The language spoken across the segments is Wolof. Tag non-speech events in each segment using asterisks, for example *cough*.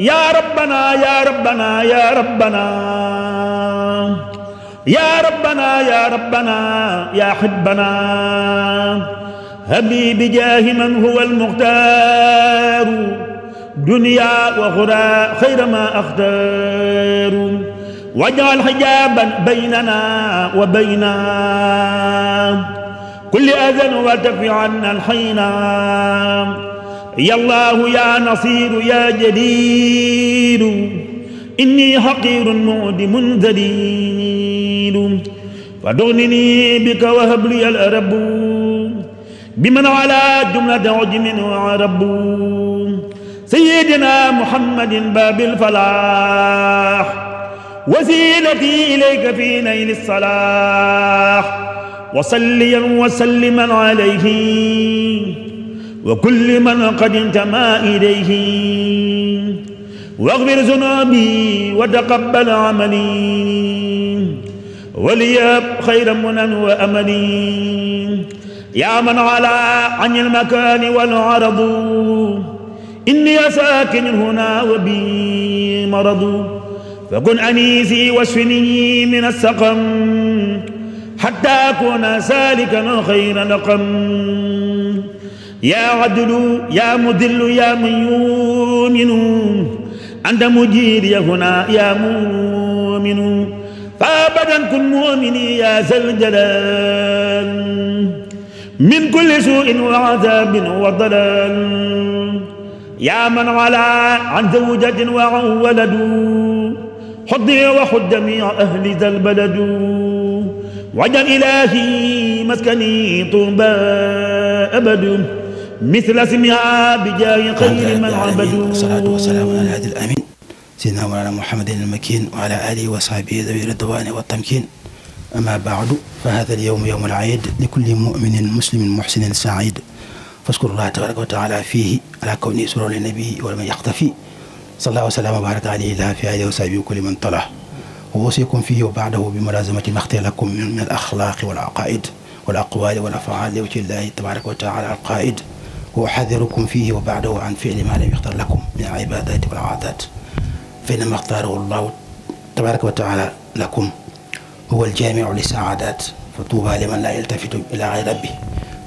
yaa rabbana yaa rabbana yaa rabbana yaa rabbana yaa rabbana yaa hibbana habli bijaahi man huwa almuxtaaru duniya wa xuraa xayra ma axtaaru wajal xijaaban baynana wa bayna kulli adan wa tafi anna alxayna yallaahu yaa nasiiru yaa jadiiru inni xaqiirun mudimun zadiiru fa dugnini bika wa habli al arabu bi man ala jumlata ujmin wa rabu sayyidina muhammadin baabil falaax wasiilati ilayka fi nayli salaax wa salliyan wa salliman alayhi وكل من قد انتمى إليه واغفر ذنوبي وتقبل عملي ولياب خير منن وأملي يا من علا عن المكان والعرض إني ساكن هنا وبي مرض فكن أنيسي واشفني من السقم حتى أكون سالكا خير لقم yaa adlu yaa mudillu yaa muyuminu anta mujid ya huna yaa muminu fa abadan kun mumini yaa zal jalal min kulli suin wa azabin wa dalal yaa man ala an zawjatin wa an waladu xuddi wa xud jamii ahli zal baladu wajal ilahi maskani tuba abadu misla simiha bi jaahi xayri man abadu wasalaatu wasalaamu ala hadi al amin sayyidina mawlana muhammadin al makin wa ala alihi wa sahbihi dawi ridwani wa tamkin amma baadu fa hada al yawm yawm al aid li kulli muminin muslimin muhsinin said faskuru llaha tabaraka wa taala fihi ala kawni sura li nabi wa man yaxtafi sallallahu wasallam wa baraka alayhi la fi alihi wa sahbihi kulli man tala wa usikum fihi wa baadahu bi mulazamati ma xtira lakum min al axlaaqi wal aqaid wal aqwaali wal afaali wa ci llahi tabaraka wa taala al qaid wa xadirukum fihi wa baadahu an fiili ma lam yaxtar lakum min al ibadaati wal aadaat fa innama xtaarahu llahu tabaraka wa taala lakum huwa aljaamiu li saadaat fa tuuba liman laa yaltafitu ila xayri rabbi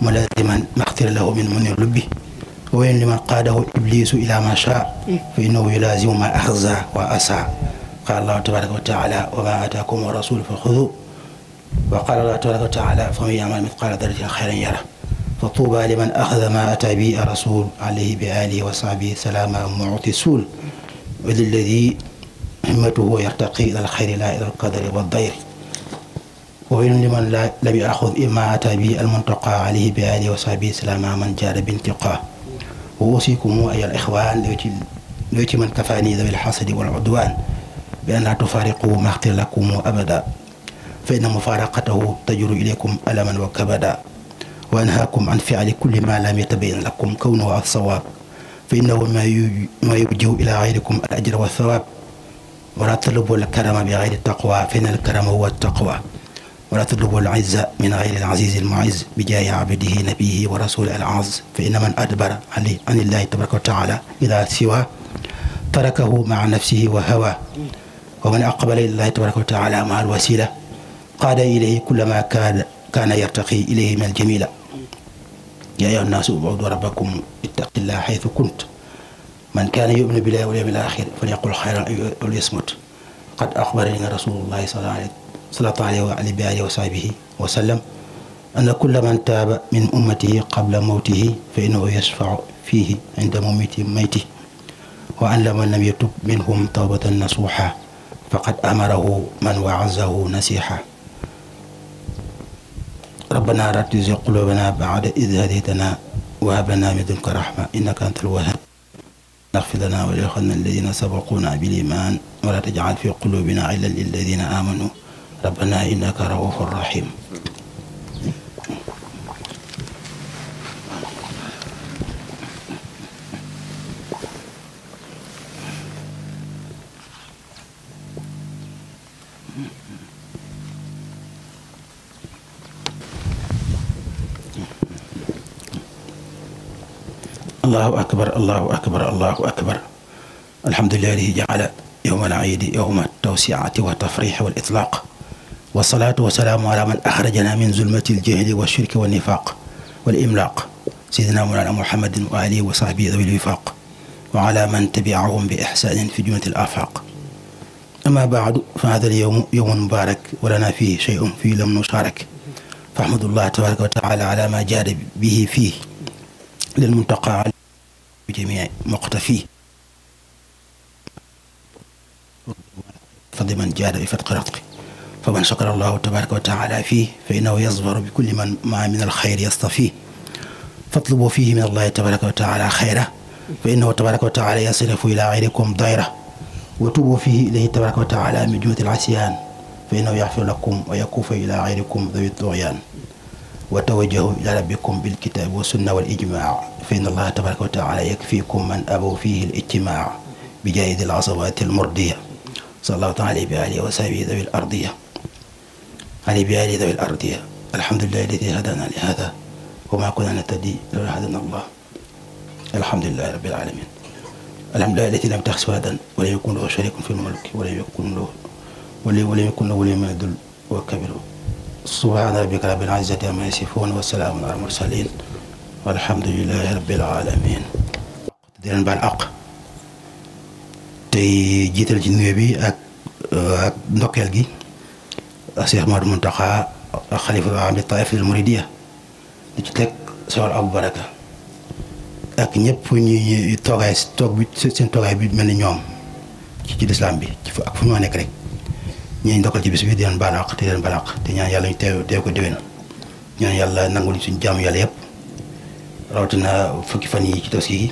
mulaziman maxtira lahu min munir lubbi wa waylun liman qaadahu iblisu ila ma shaa fa innahu yulaazimu ma axza wa asaa qaala allahu tabaraka wa taala wa ma ataakum rasulu fa xudu wa qaala allahu tabaraka wa taala fa man yamal mithqaala daratin xayran yara fa tuuba liman axada ma ata bi rasul alayhi bi alihi wa sahbi salaama muti suul wa lilladi himmatuhu yartaqi ila alxayri la ila alqadari wa dayri waylun liman lam yaxud imma ata bi almuntaqa alayhi bi alihi wa sahbi salaama man jaada bintiqa wa usikum ayyuha alixwaan loo ci man kafaani dawi alxasadi wal udwaan bi an laa tufaariqu maxtir lakum abada fa inna mufaaraqatahu tajru ilaykum alaman wa kabada wa anhaakum an fi'li kulli maa lam yatabayyan lakum kawnuhu as-sawaab fa innahu maa yubjihu ilaa ghayrikum al-ajra wa as-sawaab wala tatlubu al-karama bi ghayri taqwa fa inna al-karama huwa at-taqwa wala tatlubu al-'izza min ghayri al-'azizi al-mu'izz bi jaahi 'abdihi nabiyyihi wa rasuulihi al-'azz fa inna man adbara 'an Illaahi tabaaraka wa ta'aalaa idhaa siwaa tarakahu ma'a nafsihi wa hawaa wa man aqbala ilallaahi tabaaraka wa ta'aalaa ma'a al-wasiila qaada ilayhi kulla maa kaana yartaqi ilayhi min al-jamiila yaa ayyuha nnaasu ubudu rabbakum ittaqillaha xaytu kunt man kaana yuminu billahi wal yawmil axir falyaqul xayran aw liyasmut qad axbarani rasulullahi sallallahu alayhi wa sahbihi wa sallam anna kulla man taaba min ummatihi qabla mawtihi fa innahu yashfau fiihi inda mawti mayti wa an man lam yatub minhum tawbatan nasuha faqad amarahu man waazahu nasiha rabbana laa tuzigh quluubanaa ba'da idh hadaytanaa wa hab lanaa min ladunka rahma innaka antal wahhaab ighfir lanaa wa li ixwaanina allaziina sabaquunaa bil iimaan wa laa taj'al fii quluubinaa ghillan lil laziina aamanuu rabbanaa innaka ra'uufun rahiim allahu akbar allahu akbar allahu akbar alhamdulilah lihi jaala yowmal iidi yowma tawsiati wa tafrix wal itlaaq wasalaatu wasalaamu ala man axrajana min zulmati aljahli wa shirki wa nifaaq wal imlaaq sayidina mawlana muhammadin wa alihi wa sahbihi dawi lwifaaq wa ala man tabiahum bi ixsaanin fi jumlati alafaaq ama baadu fa hada alyowmu yowmun mubaarak wa lana fihi sheyun fii lam nusaarak fa ahmadullah tabaraka wa taala ala ma jaada bihi fii lilmuntaqa bi jamii muqtafi fadli man jaada bi fatqi ratqi fa man shakara allahu tabaraka wa taala fii fa innahu yasbaru bi kulli man maa min alxayr yastafi fatlubu fihi min allahi tabaraka wa taala xayra fa innahu tabaraka wa taala yasrifu ila gayrikum dayra wa tubu fihi ilayhi tabaraka wa taala min jumlati al asiyaan fa innahu yaxfiru lakum wa yakufu ila gayrikum dawi tugyaan wa tawajjahu ila rabbikum bil kitaabi wa sunna wal ijmaa fa inna allaha tabaraka wa taala yakfikum man abaw fihi al ijtimaa bi jaayi dil asawaati al murdiya sallallahu taala alayhi wa alihi wa sahbihi dawi al ardiya alayhi bi alihi dawi al ardiya alhamdulillahi alladi hadana li hada wa ma kunna nahtadi lawla hadana allah alhamdulillahi rabbil alamin alhamdulillahi alladi lam taxis waladan wa lam yakun lahu sharikun fil mulki wa lam yakun lahu wa lam yakun lahu waliyun min ad-dull wa kabiru subhaana rabbika rabbil izzati ammaa yasifuun wa salaamun alal mursaliin walhamdulillaahi rabbil aalamiin di leen baal àq ci nuyoo bi ak ak ndokkeel gi Cheikh Mouhamadou Mountakha xalifatul aam li taa'ifatul ak seen toogaay bi mel ni ñoom ci lislaam bi ak fu ñoo nekk rek ñu ngi ndokkal ci bis bi di leen baal àq te leen baal àq te ñaan yàlla ñu teew teew ko déwén ñaan yàlla nangul ñu suñu jaamu yàlla yëpp rawatina fukki fan yi ci tabaski yi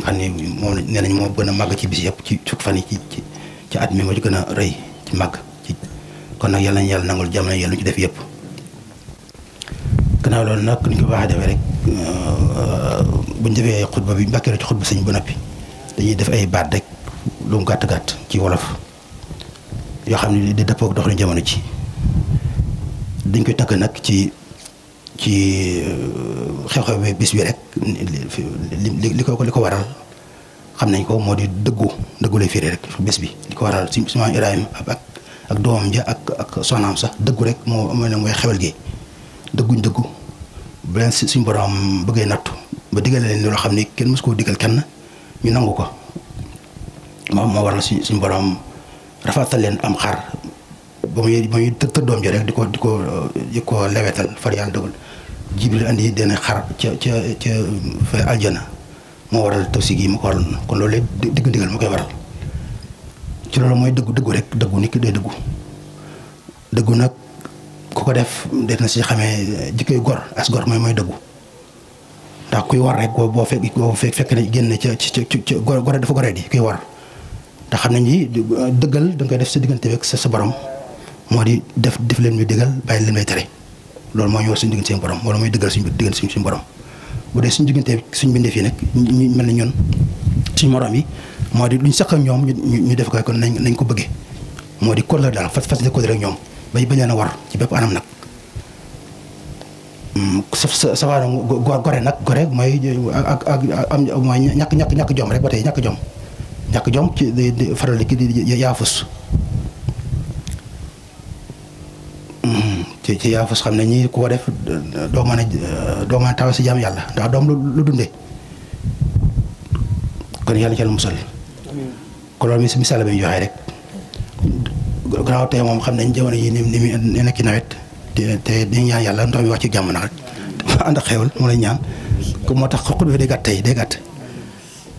moom xam ne moom nañ moo gën a màgg ci bis yëpp ci fukki fan yi ci ci at mi moo ci gën a rëy ci màgg ci kon nag yàlla nañ yàlla nangul jàmm nañ yàlla ñu ci def yëpp gannaaw loolu nag ni ñu ko baaxee defee rek euh, buñ defee xutba bi mbàkkee ci xutba sëñ bu noppi dañuy def ay baat rek lu mu gàtt-gàtt ci wolof yoo xam ne de di dëppook doxalin jamono ci dañ koy takk nag ci ci euh, xew-xew bi bis bi rek li li ko li ko waral xam nañ ko moo di dëggu dëggu lay firi rek bés bi li ko waral si si maam Ibrahima ak ak doomam ja ak sax dëggu rek moo mooy mooy xewal gi dëgguñ dëggu bu leen suñ borom bëggee nattu ba digal leen loo xam ne kenn mës koo digal kenn ñu nangu ko moom moo waral suñ suñ dafa tal leen am xar ba muy ba muy tëddoom ji rek di ko di ko di ko lewetal far yàlla dogal jibril andi denn xar ca ca ca fa aljana moo waral tafsir gi mu ko waral kon loolu diggu ndigal moo koy waral ci loolu mooy dëggu dëggu rek dëggu nit ki day dëggu dëggu nag ku ko def def na si xamee jikkoy gor as gor mooy mooy dëggu ndax kuy war rek boo boo fekk boo génn ca ca ca dafa goree di kuy war te xam nañ ni euh, dëggal da nga koy def sa diggante ak sa sa borom moo di def def leen muy dëggal bàyyi leen may tere loolu mooy ñu war suñu diggante suñu borom wala mooy dëggal suñu diggante suñu suñu borom bu dee suñu diggante suñu bindee fii nag ñu mel na ñoon suñu morom yi moo di luñ sax ñoom ñu ñu def ko kon nañ nañ ko bëggee moo di kóol la daal fas fas kóol rek ñoom bay bañ leen a war ci bépp anam nag. Mm, sa sa sa gore nag gore mooy ak ak am ñàkk ñàkk ñàkk jom rek ba tey ñàkk jom. ñàkk jom ci faral di ki di yaafus hmm, ci ci xam ne ñii koo def doo mën a doo mën si jaam yàlla ndax doom lu dunde kon yàlla ci la musal kon mi si misaal bi ñu joxe rek gannaaw tey moom xam nañ jamono yi ni ni mu nawet te te di ñaan yàlla ndox mi wax ci jàmm na rek *laughs* lay ñaan ko moo tax xoqut bi day gàtt tey day gàtt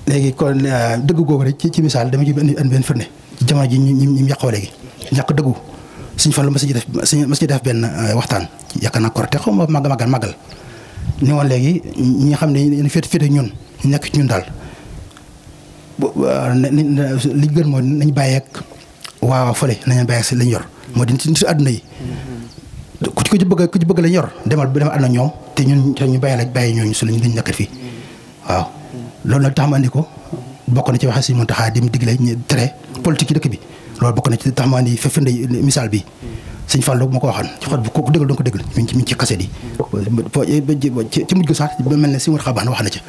léegi kon euh, dëgg googu rek ci ci misaal dama ci indi benn firnde jamono ji ñi ñi yàqoo léegi ñàkk dëggu suñ fan la mas ci def mas ci def benn euh, waxtaan yaakaar naa korte xaw ma màgg màggal màggal ni woon léegi ñi nga xam ne féet féet ñun ñu nekk ci ñun daal euh, li gën mooy nañ bàyyeeg waaw fële nañ bàyyeeg si lañ yor moo di nit àdduna yi ku ci bëgg ku ci bëgg lañ yor demal demal ànd ñoom te ñun ñu bàyyi la bàyyi ñooñu su lañ dañ nekk fii waaw loolu na tax man andi ko bokk na ci waxe si mun taxaa dim digle tere politique yi dëkk bi loolu bokk na ci tax ma andi fefinde misaal bi sëñ Fallou ko waxoon ci xot bu kooku nga ko déglu mi ngi ci mi ngi ci kaset yi ci mujj gu sax ba mel ne si war xabaan wax na ci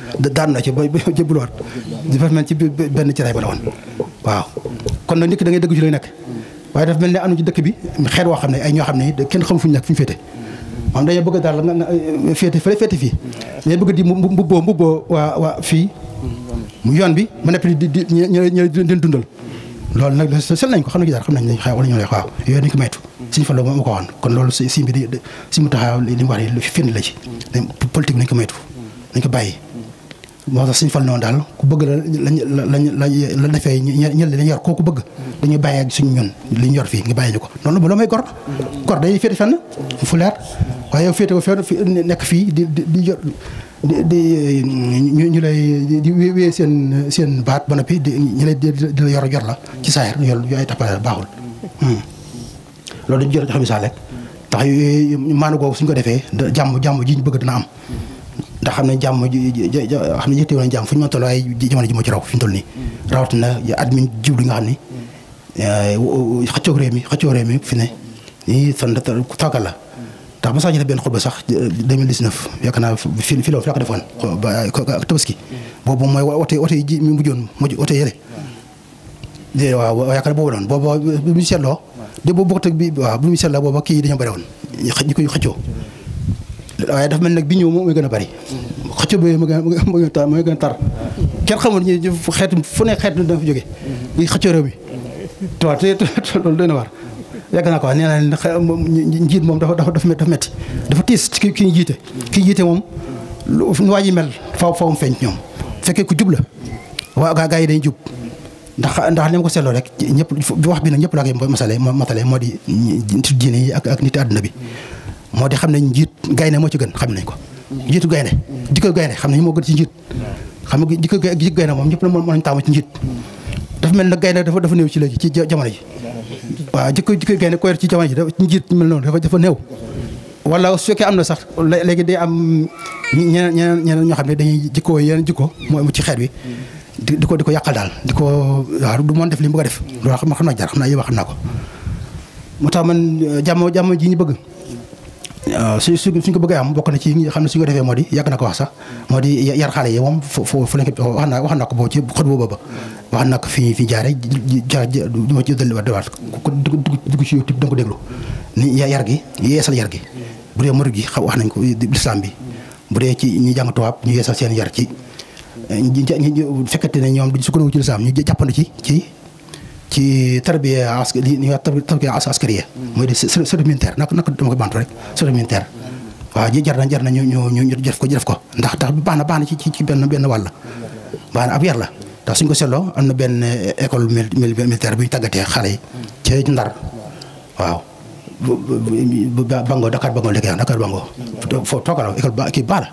na ci ba jëbbaluwaat dafa mel ci benn ci ray da ngay dëgg ci lay dëkk bi xeet woo xam ne ay ñoo xam ne kenn xamu fu ñu nekk fu ñu féete maanaam dañoo bëgg daal féete fële féete fii dañoo bëgg di mbubboo mbubboo waa waa fii mu yoon bi ma nepp di di ñu ñu leen dundal loolu nag sel nañ ko xam nañ ko jaar xam nañ xew wala ñu lay waaw yooyu nañ ko maytu suñu fa la ma ko waxoon kon loolu si bi di si mu taxaw li mu wax ni fal noonu daal ku bëgg la lañ lañ la defee ñel lañ yor koo bëgg dañuy bàyyi suñu ñun li yor fii nga bàyyi ñu ko noonu ba may gor gor day féete fenn fu leer waaye yow ko fenn nekk fii di ñu ñu lay di wéyee seen seen baat ba noppi di ñu lay di la yor jor la ci saa yor yu ay tapale baaxul. Hmm. loolu dañu jot a misaal rek suñ ko defee jàmm jàmm ji ñu bëgg am. ndax xam ne jàmm xam ne yëkkati woon jàmm fu ñu mën toll ay jamono ji moo ci raw fi ñu toll nii. rawatina at mi nga xam ni eh, xëccoo réew mi xëccoo réew mi fi ne nii sant tàggal la. ndax mos a ñu def benn xutba sax 2019 euh, yaakaar naa fi fi la fi la ko defoon ak tabaski boobu mooy oto oto yi ji mi mujjoon mujj oto yële waaw yaakaar boobu de boobu euh, bokkut ak bi waaw bu ñu seetloo booba kii yi dañoo bëri woon ñi koy xëccoo waaye dafa mel nag bi ñëw moom mooy gën a bëri a a fi loolu doy na waar yàgg naa ko wax nee naa leen njiit moom dafa dafa dafa métti dafa tiis ci ki ñu jiite. ki ñu jiite moom lu waa ji mel faaw faaw mu feeñ ñoom fekkee ku jub la waa gaa gaa yi dañ jub ndax ndax ni ma ko seetloo rek ñëpp wax bi nag ñëpp laa koy masale masale moo di nit diine yi ak nit àdduna bi moo di xam ne njiit gaynde moo ci gën xam nañ ko. njiitu gaynde di ko gaynde xam nañ moo gën ci njiit xam nga di ko gaynde moom ñëpp na moom nañ taamu ci njiit. dafa mel na gaynde dafa dafa néew ci léegi ci jamono ji waaw jikko jikko gaynde ko ci jamono ji dafa njiit mel noonu dafa dafa néew wala su fekkee am na sax léegi day am ñeneen ñeneen ñeneen ñoo xam ne dañuy jikkoo yeneen jikko mooy ci xeet wi di ko di ko yàqal daal di ko waaw du moon def li mu bëgg a def loolu xam na jar xam naa yëpp xam naa ko moo tax man jàmm jàmm ji ñu bëgg Euh, su su suñ ko bëggee am bokk na ci ñi xam ne suñ ko defee moo di yàgg na ko wax sax moo di yar xale yi moom fo fo lañ ko wax na ko boo ci xët ba wax na fi jaare ja duma ci dëlliwaat dëwaat ko dugg ci YouTube da nga ko déglu ni yar gi yeesal yar gi bu dee wax nañ ko lislaam bi bu dee ci ñi jàng tubaab ñu yeesal seen yar ci eh, fekkate ne ñoom duñ sukkandiku ci lislaam ñu jàppandi ci ci tarbiya askar li ñuy wax tarbiya askariya mooy de service militaire na naka dama koy bantu rek service militaire waaw ji jar na jar na ñu ñu ñu def ko def ko ndax tax baax na baax na ci ci benn benn wàll baax ab yar la suñ ko seetloo am na benn école militaire bu ñu tàggatee xale yi ci ndar waaw bango Dakar bango léegi Dakar bango foofu toogalaw école ba kii baax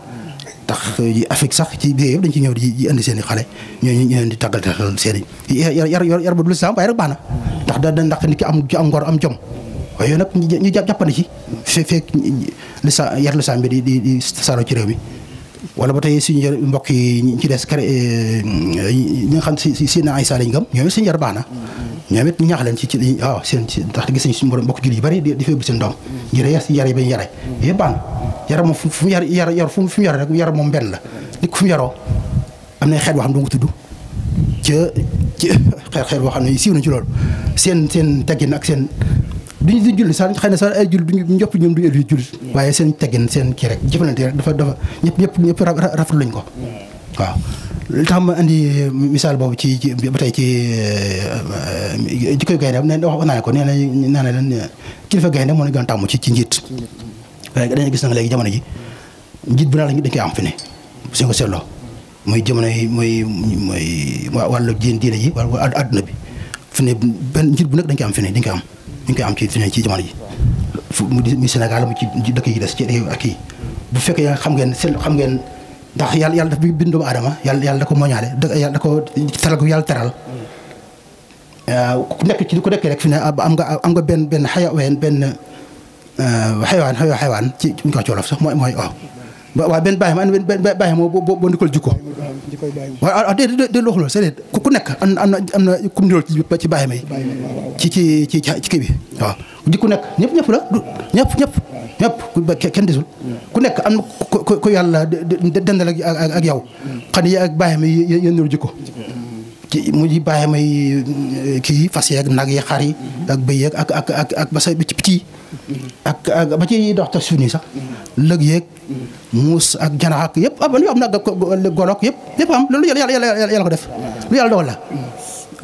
tax ji euh, Afrique sax ci biir yëpp dañ ci ñëw di indi seen i xale ñooñu ñu leen di tàggal seen i yar yar yar ba dul islam waaye rek baax na ndax da ndax nit ki am am ngor am jom waaye yooyu nag ñu jàppandi ci fe fekk lisaa yar lislaam bi di di di saaro ci réew mi wala ba tey suñu mbokk yi ci des cré euh, ñi nga xam si si si na ay saa lañ gëm ñoom seen yar na ñoom it ñaax leen ci ci waaw ah seen ci ndax gis nañ suñu borom mbokk jullit yu bëri di feebul seen doom jërë yar yare bañ yare eh, yëpp baax na yar moom fu mu yar yar yar fu mu yar rek yar moom benn la nit ko fu am na xeet boo xam ne du nga tudd ca ci xeet xeet boo xam ne siiw ci loolu seen seen teggin ak seen duñu di julli sax xëy na sax ay julli duñu ñëpp ñoom duñu ay julli waaye seen teggin seen kii rek jëfalante rek dafa dafa ñëpp ñëpp ñëpp rafetlu lañ ko waaw li tax ma andi eh, misaal boobu ci ci ba tey ci eh, eh, jikkoy gaynde nee na naa a tàmm ci ci njiit. waaye dañuy gis nag ji njiit bu naa la dañ koy am fi yi muy muy wàllu diine diine ji wala adduna bi fi bu nekk dañ koy am fi ne dañ koy am dañ koy am ci ci jamono ji. mu di Sénégal mu ci dëkk yi des ci ak kii bu fekkee xam ngeen seen xam ngeen. ndax yàlla yàlla daf bind doomu aadama yàlla yàlla da ko moñaale da yàlla da ko teral yàlla teral ku nekk ci ku nekk rek fi ne am nga am nga benn benn euh, xayawaan benn xayawaan xayawaan ci ñu ko coolof sax mooy mooy waaw waaw benn bàyyi ma benn bàyyi ma boo boo ndikal jikko waaw ah, ah, déedéet déedéet waxuloo c'est ku nekk am na am na am ci bàyyi ci ci ci ci nekk ñëpp ñëpp ñëpp ba kenn desul ku nekk am ku ku yàlla dendal ak ak yow xam ne ak bàyyam yi jikko ci mu ji bàyyam yi kii fas yeeg nag yi xar yi ak bëy ak ak ak ak ba ak ba ci dox ta suuni sax lëg yeeg muus ak janax yëpp am yoo am na golok yëpp yëpp am loolu yàlla yàlla yàlla ko def lu yàlla dogal la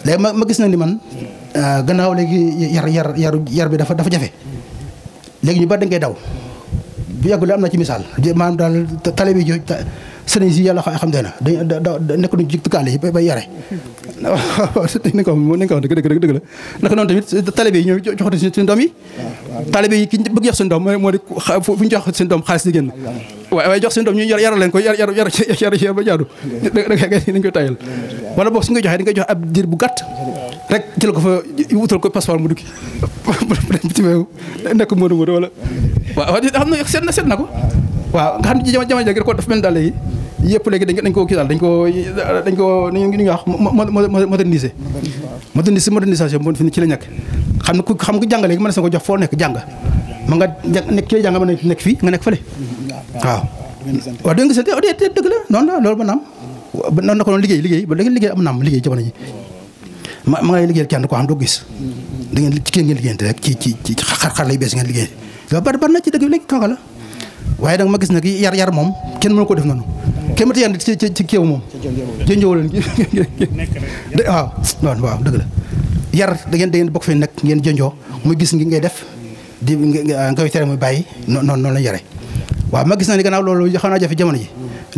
léegi ma gis na ni man euh, gannaaw léegi yar yar yar bi dafa dafa jafe léegi ñu ba da ngay daw bu yàggul am na ci misaal maanaam daal tali bi sëriñ si yàlla xam ne na da nekk nañu ci tukkaale yi bay yare waaw *laughs* ni ko ni ko dëgg dëgg dëgg la naka noonu tamit talibé yi ñoo jox na suñu doom yi. talibé yi ki bëgg jox suñu doom mooy moo di fu ñu jox xaalis di génn. waaye waaye jox seen doom ñu yar yaral leen ko yar yar yar yar ba jaadu da nga dañ koy tayal wala boog su nga joxee di nga jox ab diir bu gàtt rek jël ko fa wutal ko passeport mu duggi ci meew nekk moodu moodu wala waaw xam na seet na seet na ko waaw nga xam ne jamono jamono jagi ko daf mel daal léegi yëpp léegi dañ ko kii daal dañ ko dañ ko nu ñu wax moderniser moderniser modernisation bon fi ni ci la ñàkk xam ne ku xam ku jàng léegi mën na ko jox foo nekk jàng ma nga nekk ci jàng ma nekk fii nga nekk fële. waaw waaw dégg nga gisante dëgg la noonu la loolu ba naam noonu la ko doon liggéey liggéey ba da ngeen liggéey am naam liggéey jamono ji ma ma ngay liggéeyal kenn koo xam doo gis da ngeen ci kii ngeen liggéeyante rek ci ci ci xar xar lay bees ngeen liggéey loolu bari bari na ci dëgg bi léegi kooka la waaye nag ma gis nag yar yar moom kenn mënu ko def noonu kenn mënut a yar ci ci kéew moom jënjëw leen *laughs* waaw waaw dëgg la yar da ngeen da ngeen bokk fi nekk ngeen jënjoo muy gis ngi ngay def di nga tere muy bàyyi noonu noonu yare waaw ma gis naa ni gannaaw loolu xaw naa jafe jamono ji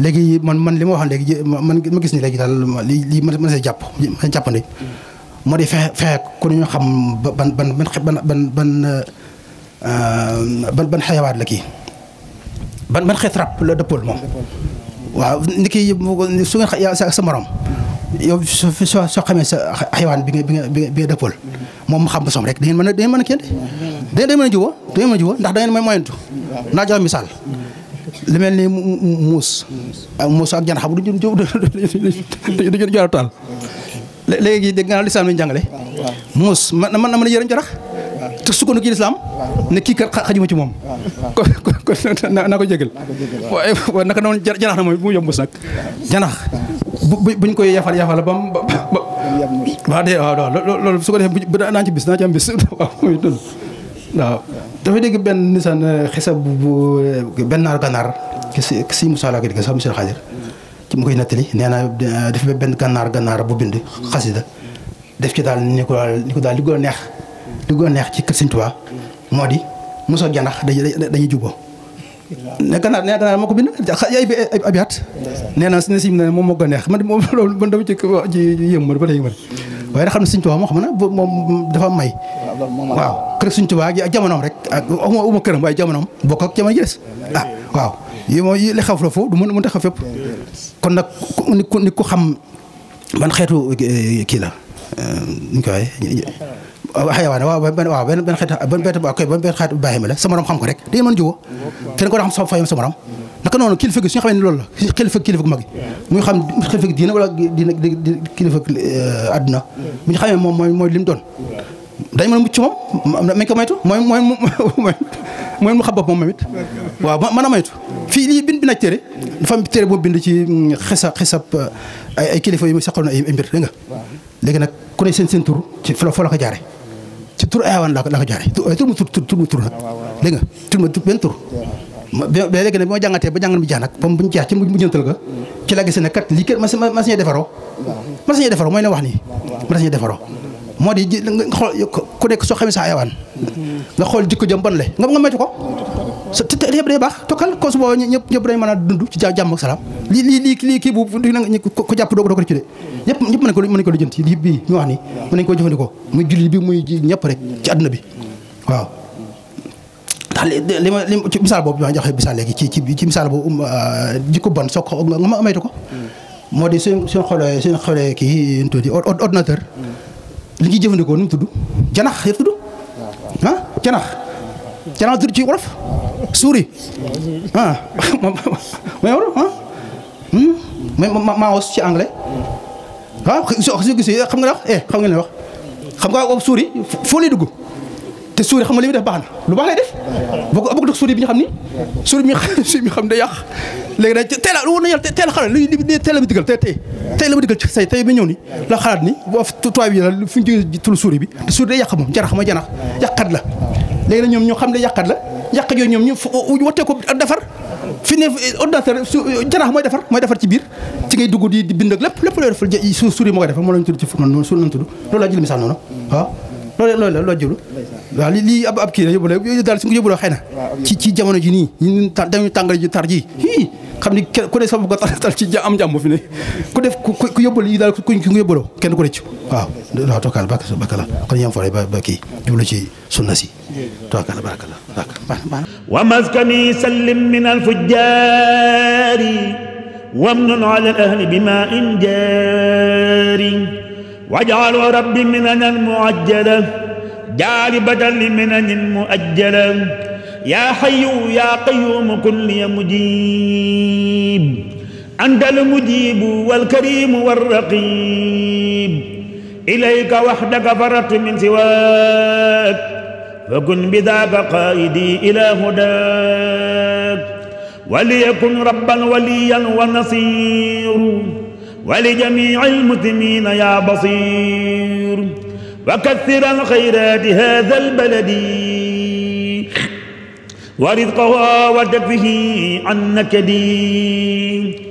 léegi man man li ma waxoon léegi man ma gis ni léegi daal li li mën see jàpp mën jàppandi moo di fexe fexe ku ñu xam ban ban ban ban ban ban ban xayawaat la kii ban ban xeet rab la dëppool moom waaw ni kii su ngeen yaa sa morom yow soo soo xamee sa xayawaan bi nga dëppool moom mu xam ba soom rek da ngeen a da ngeen a da ngeen mën a jubóo da ngeen mën a jubóo ndax da ngeen may moyantu naa joxe mel ni muus ak ah, muus ak janax bu duñ duñ jara taal léegi dégg nga lislaam lañu jàngale muus man na mën a yërëm jarax te sukkandu ci lislaam ne kii kat xajuma ci moom kon kon naa ko jégal waaye naka noonu janax na moom bu mu yomb muus nag janax buñ koy yafal yafal bam ba waaw de waaw waaw loolu su ko defee bu naa ci bis naa ci am bis *laughs* waaw waaw dafa dégg benn nisan euh, xisa bu euh, benn naar gànnaar ki si Moussa Laga di ko sax monsieur Xaadir ci mu koy na nettali nee na euh, dafa benn gànnaar gànnaar bu bind xasida def ci daal ni ko daal ni ko neex li gën a neex ci kër Sëñ Tuubaa moo di mosoo janax dañuy dañuy juboo ne ganaar nee ganaar moo ko bind ay abi at nee na ne siñ ne moom moo ko neex man moom loolu man dama ci ci yëm ma ba léegi man waaye da xam ne Sëñ Tuubaa moo xam ne moom dafa may waaw kër Sëñ Tuubaa gi ak jamonoom rek ak ah, uma uma këram waaye jamonoom bokk ak jamono ji des ah waaw yi moo li xaw la foofu du mën mënta xaw fépp kon nag ni ku xam ban xeetu eh, kii la eh, ñu koy xayawaan waaw benn waaw benn benn xeet benn benn koy benn benn xeet Ibrahima la sa morom xam ko rek day mën jiwoo kenn ko daa xam sa fayam sa morom naka noonu kilifa la kilifa kilifa gu mag yi muy xam kilifa diina wala diina kilifa eh, àdduna bu ñu xamee moom mooy mooy a mucc moom mañ ko maytu mooy *laughs* mooy mu xam bopp moom it waaw mën a maytu fii lii bind bi nag téere dafa am téere boo bind ci mm, xisa xisab ay ay kilifa yi mu seqoon ay mbir dégg nga léegi nag ku seen tur ci fo la ko jaare ci tur ayawaan laa ko laa ko eh, tur mu tur léegi nag bi ma jàngatee ba jàngat mi jeex nag comme bu ñu jeex ci mujjantal ga ci laa gisee ne lii kat ma ma sañee defaroo ah. ma sañee defaroo mooy ne wax nii ah, ma sañee defaroo moo di ku nekk soo xamee ayawaan mm-hmm. nga xool jikko jëm bon le nga nga ko lépp day baax tokkal kon su boobaa ñëpp ñëpp dañ mën a dund ci jàmm ak salaam lii lii lii lii kii bu ko jàpp doo ko rëccu de ñëpp ñëpp mën nañ ko mën nañ ko lijjanti lii bii ñu wax ni muy julli bi muy ñëpp rek ci àdduna waaw ci misaal boobu ma joxe misaal um, ah, jikko bon soo ko nga ma amaytu ko moo di suñ suñ xoolee suñ xoolee kii ñu tudd ordinateur li ñuy jëfandikoo nu mu tudd janax yëpp tudd ah janax janax tudd ci wolof Suuri ah ma yow ah ma ma wax ci anglais ah soo xam nga wax eh nga ne wax xam nga suuri foo lay dugg te suuri xam nga li muy def baax na lu baax lay def boo ko boo suuri bi ñu xam ni suuri *laughs* bi ñu xam day yàq léegi nag teel a war na yàlla teel a xalaat li teel a bi digal tey tey tey say tey bi ñëw ni la xalaat ni boo tuwaay bi la fu ñu jógee tul suuri bi te suuri day yàq moom janax ma janax yàqat la léegi nag ñoom ñoo xam ne yàqat la yàq yooyu ñoom ñu watee ko defar fi ne eh, ordinateur su eh, jaraax mooy defar mooy defar ci biir ci ngay dugg di bind ak lépp lépp looy defal su suur yi moo koy defar moo lañu tudd ci fu noonu suur loolu laa jël misaal noonu waaw loolu loolu la lii ab ab kii la daal su nga yóbbu na ci ci ji nii ñu dañu tàngal ji ku ne sama ko tal ci ja am jàmm fi ne ku def ku yóbbal yi daal ku ñu yóbbaloo kenn ku rëcc waaw waaw tookaal bak bakala kon ñam foore ba kii jublu ci sunna si tookaal barakala wa maskani sallim min alfujjaari wamnun ala al ahli bima in jaari waj'al rabbi minan al muajjala jalibatan li minan al muajjala yaa xayu yaa qayuum kun li mujib anta al mujibu wal karimu war raqib ilayka waxdaka faratu min siwaak fa kun bi daaka qaayidi ila hudaak waliyakun rabban waliyan wa nasiru wali jamii almuslimiina yaa basiir wa kathir alxayraati haadha albaladi ورزقها ودت به عن نكدي